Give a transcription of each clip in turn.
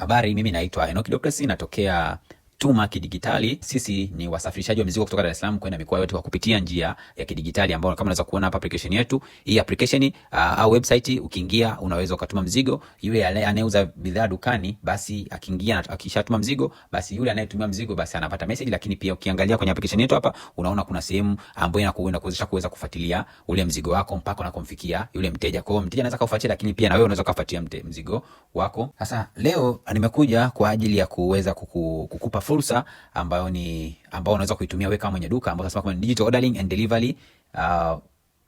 Habari, mimi naitwa Enoki Dr. natokea tuma kidigitali. Sisi ni wasafirishaji wa mizigo kutoka Dar es Salaam kwenda mikoa yote kwa kupitia njia ya kidigitali, ambayo kama unaweza kuona hapa application yetu hii application uh, au website, ukiingia unaweza ukatuma mzigo. Yule anayeuza bidhaa dukani, basi akiingia akishatuma mzigo, basi yule anayetumia mzigo basi anapata message. Lakini pia ukiangalia kwenye application yetu hapa, unaona kuna sehemu ambayo inakuenda kuwezesha kuweza kufuatilia ule mzigo wako mpaka unakomfikia yule mteja. Kwa hiyo mteja anaweza kufuatilia, lakini pia na wewe unaweza kufuatilia mzigo wako. Sasa leo nimekuja kwa ajili ya kuweza kukupa fursa ambayo ni ambao unaweza kuitumia wewe kama mwenye duka ambao tunasema kama digital ordering and delivery uh,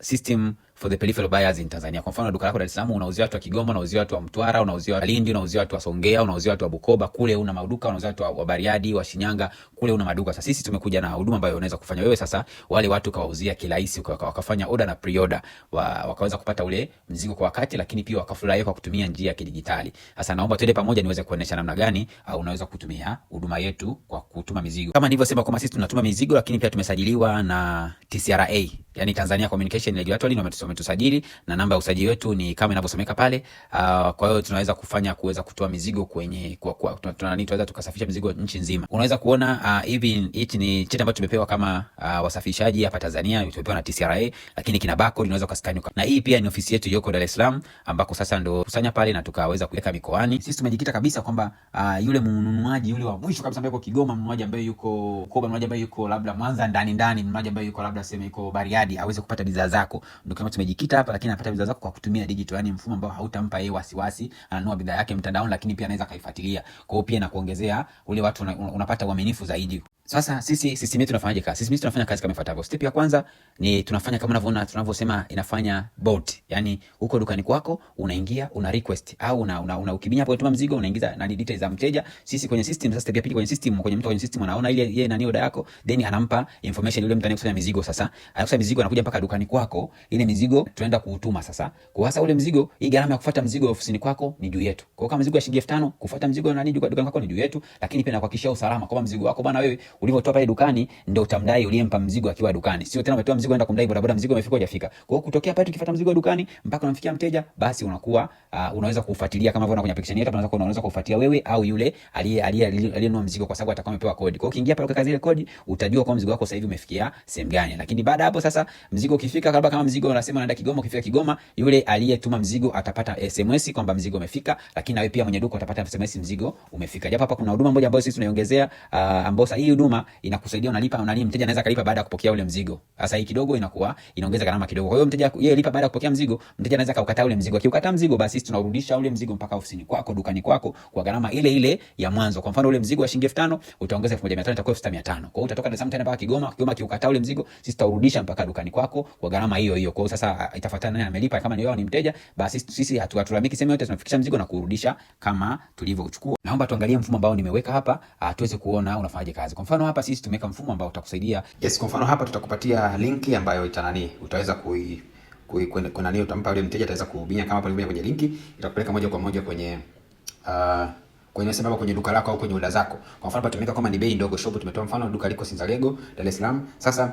system for the peripheral buyers in Tanzania. Kwa mfano duka lako Dar es Salaam unauzia watu wa Kigoma, unauzia watu wa Mtwara, unauzia wa Lindi, unauzia watu wa Songea, unauzia watu wa Bukoba, kule una maduka, unauzia watu wa Bariadi, wa Shinyanga, kule una maduka. Sasa sisi tumekuja na huduma ambayo unaweza kufanya wewe sasa wale watu kawauzia kirahisi, wakafanya order na pre-order, wakaweza kupata ule mzigo kwa wakati, lakini pia wakafurahia kwa kutumia njia ya kidijitali. Sasa naomba tuende pamoja niweze kuonesha namna gani ah, unaweza kutumia huduma yetu kwa kutuma mizigo. Kama nilivyosema kwamba sisi tunatuma mizigo, lakini pia tumesajiliwa na TCRA, yani Tanzania Communication Regulatory wametusajili na namba ya usajili wetu ni kama inavyosomeka pale. Uh, kwa hiyo tunaweza kufanya kuweza kutoa mizigo kwenye kwa, kwa, tunaweza tukasafisha mizigo nchi nzima. Unaweza kuona ah, hivi, hichi ni cheti ambacho tumepewa kama uh, ah, wasafirishaji hapa Tanzania, tumepewa na TCRA, lakini kina barcode unaweza kuskani. Na hii pia ni ofisi yetu iliyoko Dar es Salaam ambako sasa ndo kusanya pale na tukaweza kuweka mikoani. Sisi tumejikita kabisa kwamba uh, yule mnunuaji yule wa mwisho kabisa ambaye yuko Kigoma, mnunuaji ambaye yuko Koba, mnunuaji ambaye yuko labda Mwanza ndani ndani, mnunuaji ambaye yuko labda sema yuko Bariadi aweze kupata bidhaa zako ndio tumejikita hapa, lakini anapata bidhaa zako kwa kutumia digital, yani mfumo ambao hautampa yeye wasiwasi. ananua bidhaa yake mtandaoni, lakini pia anaweza kaifuatilia. Kwa hiyo pia kuongezea ule watu una, unapata uaminifu zaidi. Sasa sisi sisi mimi tunafanyaje kazi? Sisi mimi tunafanya kazi kama ifuatavyo. Step ya kwanza ni tunafanya kama unavyoona tunavyosema inafanya bot. Yaani huko dukani kwako unaingia una request au una, una, una ukibinya hapo utuma mzigo unaingiza na details za mteja. Sisi kwenye system sasa step ya pili kwenye system kwenye mtu kwenye system anaona ile yeye nani oda yako then anampa information yule mtu anayekusanya mizigo sasa. Anakusanya mizigo anakuja mpaka dukani kwako ile mizigo mzigo tunaenda kuutuma sasa. Kwa hasa ule mzigo, hii gharama ya kufuata mzigo ofisini kwako ni juu yetu. Kwa kama mzigo wa shilingi 5000 kufuata mzigo na nini dukani kwako ni juu yetu, lakini pia nakuhakikishia usalama kwamba mzigo wako bwana, wewe ulivyotoa pale dukani ndio utamdai uliyempa mzigo akiwa dukani, sio tena umetoa mzigo unaenda kumdai bodaboda mzigo umefika hujafika. Kwa hiyo kutokea pale tukifuata mzigo dukani mpaka unamfikia mteja, basi unakuwa uh, unaweza kufuatilia kama unavyoona kwenye application yetu, tunaweza unaweza kufuatilia wewe au yule aliye aliye aliyenunua mzigo kwa sababu atakuwa amepewa kodi. Kwa hiyo ukiingia pale kazi ile kodi utajua kwa mzigo wako sasa hivi umefikia sehemu gani, lakini baada hapo sasa mzigo ukifika, kama mzigo unasema anasema anaenda Kigoma. Ukifika Kigoma, yule aliyetuma mzigo atapata SMS kwamba mzigo umefika, lakini nawe pia mwenye duka utapata SMS mzigo umefika. Japo hapa kuna huduma moja ambayo sisi tunaiongezea, uh, ambayo sasa hii huduma inakusaidia unalipa, unali mteja anaweza kalipa baada ya kupokea ule mzigo. Sasa hii kidogo inakuwa inaongeza gharama kidogo. Kwa hiyo mteja yeye lipa baada ya kupokea mzigo, mteja anaweza kaukataa ule mzigo. Akiukataa mzigo, basi sisi tunarudisha ule mzigo mpaka ofisini kwako, dukani kwako kwa gharama ile ile ya mwanzo. Kwa mfano ule mzigo wa shilingi 5000 utaongeza 1500 itakuwa 6500. Kwa hiyo utatoka Dar es Salaam tena mpaka Kigoma. Kigoma akiukataa ule mzigo, sisi tutarudisha mpaka dukani kwako kwa gharama hiyo hiyo. Kwa hiyo sasa sasa itafuatana naye amelipa, kama ni wewe ni mteja, basi sisi hatulamiki sehemu yote, tunafikisha mzigo na kurudisha kama tulivyochukua. Naomba tuangalie mfumo ambao nimeweka hapa ah, tuweze kuona unafanyaje kazi. Kwa mfano hapa sisi tumeweka mfumo ambao utakusaidia. Yes, kwa mfano hapa tutakupatia linki ambayo itanani utaweza kui kuna nini, utampa yule mteja, ataweza kuhubia kama pale kwenye linki, itakupeleka moja kwa moja kwenye uh, kwenye sababu kwenye duka lako au kwenye oda zako. Kwa mfano hapa tumeweka kama ni bei ndogo shop, tumetoa mfano duka liko Sinzalego Dar es Salaam. Sasa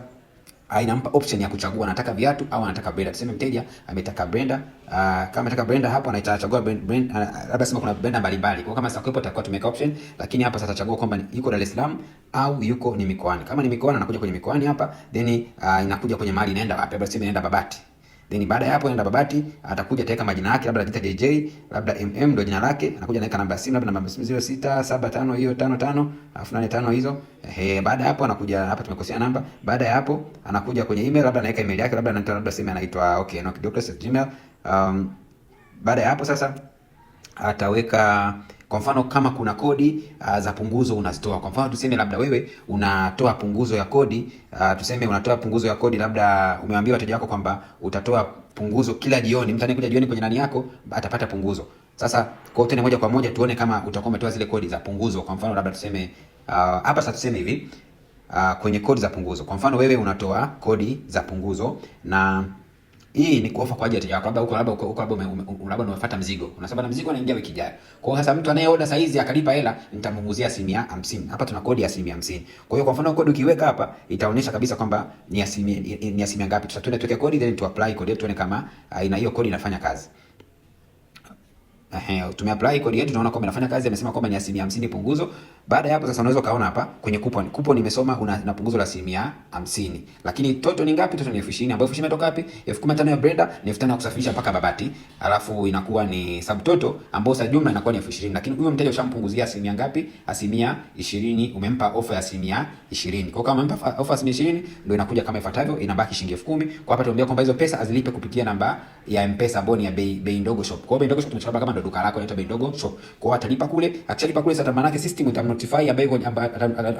inampa option ya kuchagua anataka viatu au anataka Brenda. Tuseme mteja ametaka Brenda, uh, kama ametaka Brenda hapo anachagua Brenda, labda sema kuna Brenda mbalimbali. Kwa kama sasa kwepo atakuwa tumeka option, lakini hapa sasa atachagua kwamba yuko Dar es Salaam au yuko ni mikoani. Kama ni mikoani anakuja kwenye mikoani hapa, then uh, inakuja kwenye mahali inaenda wapi? Labda sema inaenda Babati. Then baada ya hapo anaenda Babati, atakuja ataweka majina yake, labda anajiita JJ, labda MM ndio jina lake, anakuja anaweka namba ya simu, labda namba ya simu 0675 hiyo 55 alafu 85 hizo. Eh, baada ya hapo anakuja hapa, tumekosea namba. Baada ya hapo anakuja kwenye email, labda anaweka email yake, labda anaita labda simu anaitwa okay, no, gmail. Um, baada ya hapo sasa ataweka kwa mfano kama kuna kodi uh, za punguzo unazitoa. Kwa mfano tuseme labda wewe unatoa punguzo ya kodi uh, tuseme unatoa punguzo ya kodi, labda umewaambia wateja wako kwamba utatoa punguzo kila jioni, mtu anayekuja jioni kwenye nani yako atapata punguzo. Sasa kwa hiyo moja kwa moja tuone kama utakuwa umetoa zile kodi za punguzo. Kwa mfano labda tuseme ah, hapa uh, sasa tuseme hivi uh, kwenye kodi za punguzo, kwa mfano wewe unatoa kodi za punguzo na hii ni kuofa kwa ajili ya kwamba huko labda huko labda labda unafuata mzigo. Unasema na mzigo anaingia wiki ijayo. Kwa hiyo sasa mtu anaye order saa hizi akalipa hela nitamunguzia asilimia 50. Hapa tuna kodi ya asilimia 50. Kwa hiyo kwa mfano kodi ukiweka hapa itaonyesha kabisa kwamba ni asilimia ni asilimia ngapi. Tutatuna tuweke kodi then tu apply kodi yetu tuone kama aina ah, hiyo kodi inafanya kazi. Ehe, tumeapply kodi yetu tunaona kwamba inafanya kazi, amesema kwamba ni asilimia hamsini punguzo. Baada ya hapo sasa unaweza kaona hapa kwenye coupon. Coupon nimesoma una, una punguzo la asilimia 50. Lakini toto ni ngapi? Toto ni 2020 ambayo 2020 ishirini imetoka wapi? Elfu ya Breda ni elfu ya kusafirisha mpaka Babati. Alafu inakuwa ni subtoto ambayo sasa jumla inakuwa ni 2020. Lakini huyo mteja ushampunguzia asilimia ngapi? Asilimia 20, umempa offer ya asilimia 20. Kwa kama umempa offer ya asilimia 20 ndio inakuja kama ifuatavyo, inabaki shilingi 10,000. Kwa hapa tunaambia kwamba hizo pesa azilipe kupitia namba ya M-Pesa ambayo ni ya bei bei ndogo shop. Kwa hiyo bei ndogo shop tunachapa kama ndo duka lako inaitwa bei ndogo shop. Kwa hiyo atalipa kule, akishalipa kule sasa maana yake system itamwambia notify ambaye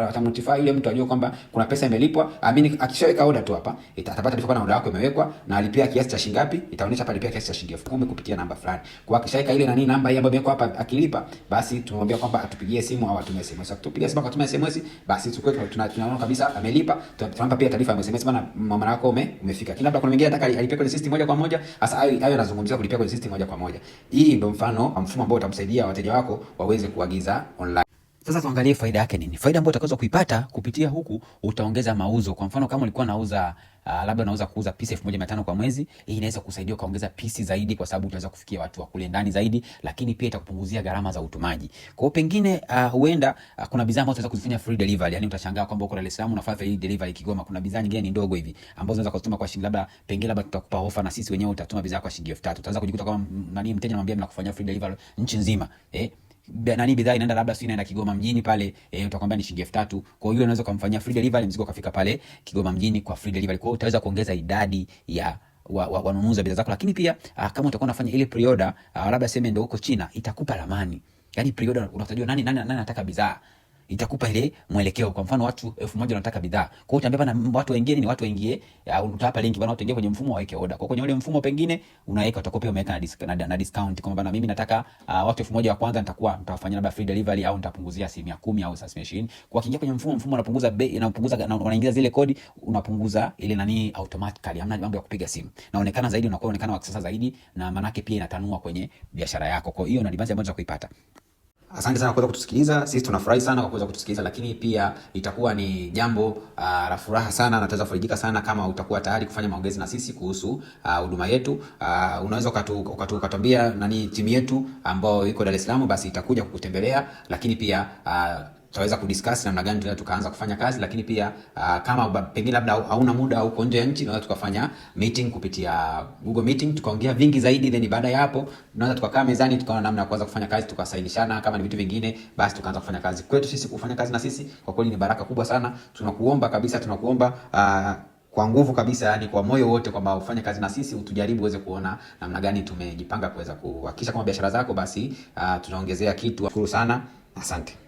atamnotify yule mtu ajue kwamba kuna pesa imelipwa. Amini akishaweka order tu hapa atapata taarifa kwamba order yako imewekwa na alipia kiasi cha shilingi ngapi. Itaonyesha palipia kiasi cha shilingi elfu kumi kupitia namba fulani. Kwa akishaweka ile nani namba hii ambayo imewekwa hapa, akilipa basi tumwambia kwamba atupigie simu au atumie SMS. Akitupigia simu akatuma SMS, basi tunaona kabisa amelipa. Tunampa pia taarifa ya SMS, bana mama yako umefika. Kila labda kuna mwingine anataka alipia kwenye system moja kwa moja. Sasa hayo anazungumzia kulipia kwenye system moja kwa moja. Hii ndio mfano mfumo ambao utamsaidia wateja wako waweze kuagiza online. Sasa tuangalie faida yake nini? Faida ambayo utakaweza kuipata kupitia huku, utaongeza mauzo. Kwa mfano kama ulikuwa nauza uh, ah, labda unaweza kuuza pisi 1500 kwa mwezi, hii inaweza kusaidia ukaongeza pisi zaidi, kwa sababu utaweza kufikia watu wa kule ndani zaidi, lakini pia itakupunguzia gharama za utumaji. Kwa hiyo pengine ah, huenda uh, uh, kuna bidhaa ambazo unaweza kuzifanya free delivery, yani utashangaa kwamba uko Dar es Salaam unafanya free delivery Kigoma. Kuna bidhaa nyingine ndogo hivi ambazo unaweza kuzituma kwa shilingi labda, pengine labda tutakupa ofa na sisi wenyewe utatuma bidhaa kwa shilingi 3000. Utaanza kujikuta kama mm, nani, mteja anamwambia mnakufanyia free delivery nchi nzima eh nani bidhaa inaenda labda sio inaenda Kigoma mjini pale e, utakwambia ni shilingi 3000. Kwa hiyo unaweza kumfanyia free delivery, mzigo kafika pale Kigoma mjini kwa free delivery. Kwa hiyo utaweza kuongeza idadi ya wanunuzi wa, wa bidhaa zako, lakini pia a, ah, kama utakuwa unafanya ile pre-order ah, labda sema ndio huko China, itakupa ramani. Yani pre-order unatajua nani nani anataka bidhaa itakupa ile mwelekeo. Kwa mfano watu elfu moja wanataka bidhaa, kwa hiyo utaambia bana, watu wengine ni watu waingie, utawapa link bana, watu waingie kwenye mfumo waweke order. Kwa kwenye ule mfumo pengine unaweka utakuwa pia umeweka na, na, na discount kwa bana, mimi nataka uh, watu elfu moja wa kwanza nitakuwa nitawafanyia labda free delivery au nitapunguzia asilimia kumi au asilimia ishirini. Kwa kiingia kwenye mfumo, mfumo unapunguza bei, unapunguza na unaingiza zile kodi, unapunguza ile nani automatically, hamna mambo ya kupiga simu, naonekana zaidi, unakuwa unaonekana wa kisasa zaidi, na maana pia inatanua kwenye biashara yako. Kwa hiyo na advantage ambazo za kuipata Asante sana kuweza kutusikiliza. Sisi tunafurahi sana kwa kuweza kutusikiliza, lakini pia itakuwa ni jambo ah, la furaha sana na tutaweza kufarijika sana kama utakuwa tayari kufanya maongezi na sisi kuhusu ah, huduma yetu. Uh, unaweza ukatuambia nani timu yetu ambayo iko Dar es Salaam, basi itakuja kukutembelea, lakini pia uh, tutaweza kudiscuss namna gani tunaweza tukaanza kufanya kazi, lakini pia uh, kama pengine labda hauna muda au nje ya nchi, tunaweza tukafanya meeting kupitia Google Meeting tukaongea vingi zaidi, then baada ya hapo tunaweza tukakaa mezani tukaona namna ya kuanza kufanya kazi, tukasainishana kama ni vitu vingine, basi tukaanza kufanya kazi. Kwetu sisi kufanya kazi na sisi kwa kweli ni baraka kubwa sana, tunakuomba kabisa, tunakuomba uh, kwa nguvu kabisa, yani kwa moyo wote, kwamba ufanye kazi na sisi, utujaribu uweze kuona namna gani tumejipanga kuweza kuhakikisha kama biashara zako basi, uh, tunaongezea kitu. Shukuru sana, asante.